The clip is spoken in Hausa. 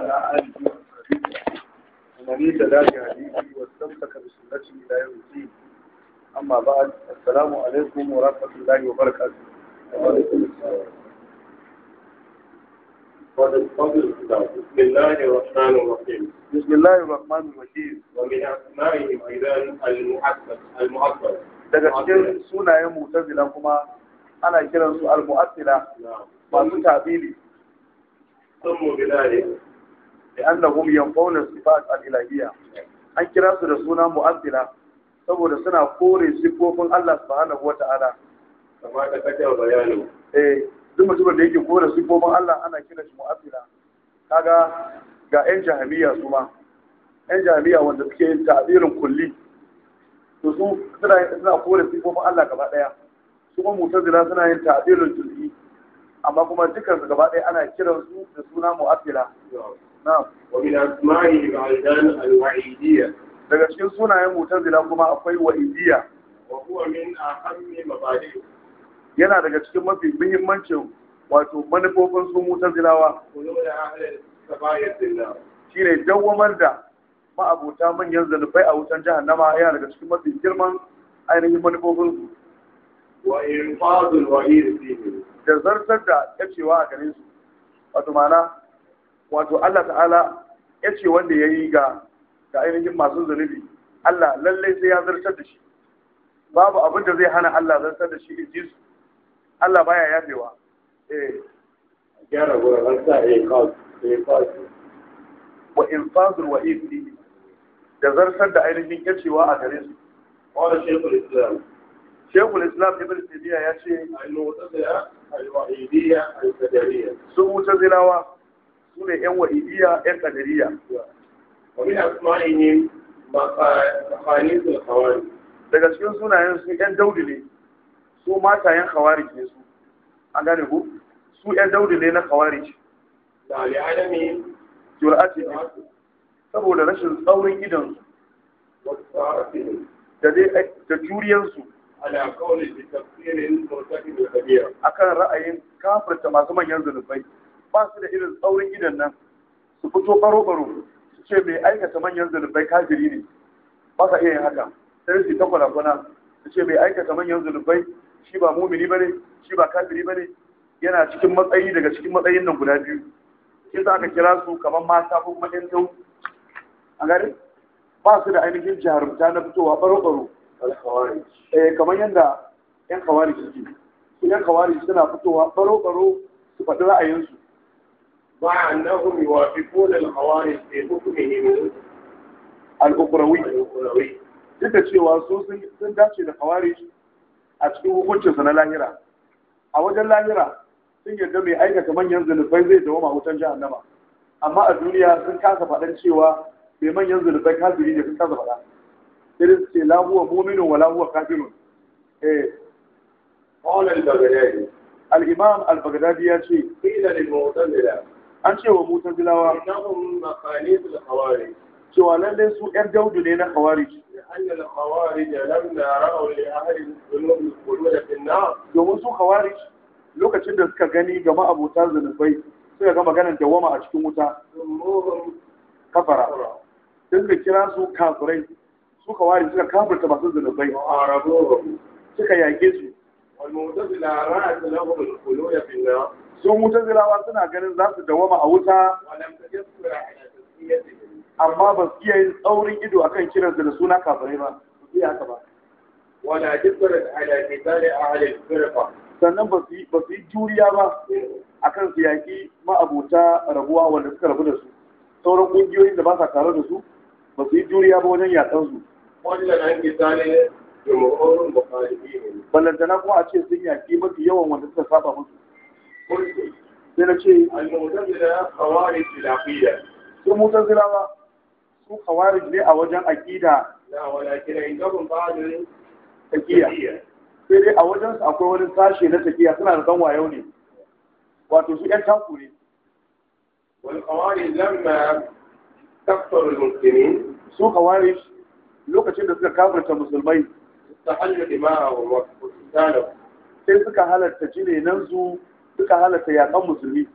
وعلى آله وصحبه ومن يتبع بهديه واستمسك بسنته إلى يوم الدين أما بعد السلام عليكم ورحمة الله وبركاته وعليكم السلام بسم الله الرحمن الرحيم بسم الله الرحمن الرحيم ومن أسمائهم أيضا المؤثر المؤثر daga cikin sunayen mutazilan kuma ana kiransu al-mu'attila masu tabili sun mu bilale لأنهم ينفون الصفات الإلهية أن da رسولنا مؤثرة saboda suna kore siffofin Allah subhanahu wa ta'ala kamar da kake bayani eh da yake kore siffofin Allah ana kira ga su ma ƴan jahiliya wanda suke yin suna kuma mu'tazila suna yin ta'birin juz'i amma kuma dukkan gaba ɗaya ana kiransu da suna mu'assila ومن أسمائهم أيضا الوعيدية daga cikin sunayen mutazila kuma akwai wa'idiyya wa huwa min ahammi mabadi yana daga cikin mafi muhimmancin wato manufofin su mutazilawa shine dawwamar da ma'abota manyan zanubai a wutan jahannama yana daga cikin mafi girman ainihin manufofin su wa fadul wa'id da zartar da kacewa a gare su wato ma'ana wato Allah ta'ala ya ce wanda ya yi ga ainihin masu zunubi Allah lallai sai ya zartar da shi babu abin da zai hana Allah zartar da shi in ji su Allah baya yafewa eh gyara gurin an sa ya kawo ya kawo wa infazul wa ifi da zartar da ainihin kyacewa a gare su wala shekul islam shekul islam ibn tabiya ya ce al-mu'tazila al-wahidiyya al-qadariyya su mutazilawa su ne yan wa'idiyya yan kadariya daga cikin sunayen su yan daudi ne su matayen khawarij ke su an gane ku su yan daudi ne na khawarij da li adami jur'ati saboda rashin tsaurin idan su da dai da juriyar su ala qawli da tafsirin murtakib da kabira akan ra'ayin kafirta masu manyan zunubai ba su da irin tsaurin idan nan su fito baro-baro su ce mai aikata manyan zunubai kafiri ne ba sa iya yin haka sai su ta kwana su ce mai aikata manyan zunubai shi ba mumini ne, shi ba kafiri ne." yana cikin matsayi daga cikin matsayin nan guda biyu shi za ka kira su kamar mata ko kuma ɗan tau a gari ba su da ainihin jarumta na fitowa baro-baro eh, kamar yadda 'yan kawari suke su 'yan kawari suna fitowa baro-baro su faɗi ra'ayinsu مع أنهم يوافقون الخوارج في حكمهم الأخروي duk da cewa su sun dace da khawarij a cikin hukuncinsa na lahira a wajen lahira sun yarda mai aikata manyan zunubai zai dawo dawoma wutan jahannama amma a duniya sun kasa faɗan cewa mai manyan zunubai kafiri ne sun kasa faɗa sai su ce la huwa mu'minun wa la huwa kafirun eh qala al-baghdadi al-imam al-baghdadi ya ce qila lil mu'tazila an ce wa zilawa cewa dai su 'yar daudu ne na khawarij domin su hawari, lokacin da suka gani ga ma'abuta zunubai suka ga maganar dawama a cikin wuta kafara sun ga kira su kafirai su khawarij suka kafirta masu zunubai suka yage su sun mutazilawa suna ganin za su dawama a wuta amma ba su iya yin tsaurin ido akan kiran da suna kafirai ba su iya haka ba wala jibrat ala qitali ahli firqa sannan ba su ba su yi juriya ba akan su yaki ma'abuta rabuwa wanda suka rabu da su sauran kungiyoyin da ba sa tare da su ba su yi juriya ba wajen yatsansu. su wannan an qitali ballantana kuma a ce sun yaƙi mafi yawan wanda suka saba musu sai na ce sun mutan zilawa su kawari ne a wajen aƙida sai dai a wajen su akwai wani sashe na tafiya suna da wayo ne wato su ƴan taku ne su kawari lokacin da suka kafarta musulmai استحلوا sai suka halarta nanzu suka halarta yakan musulmi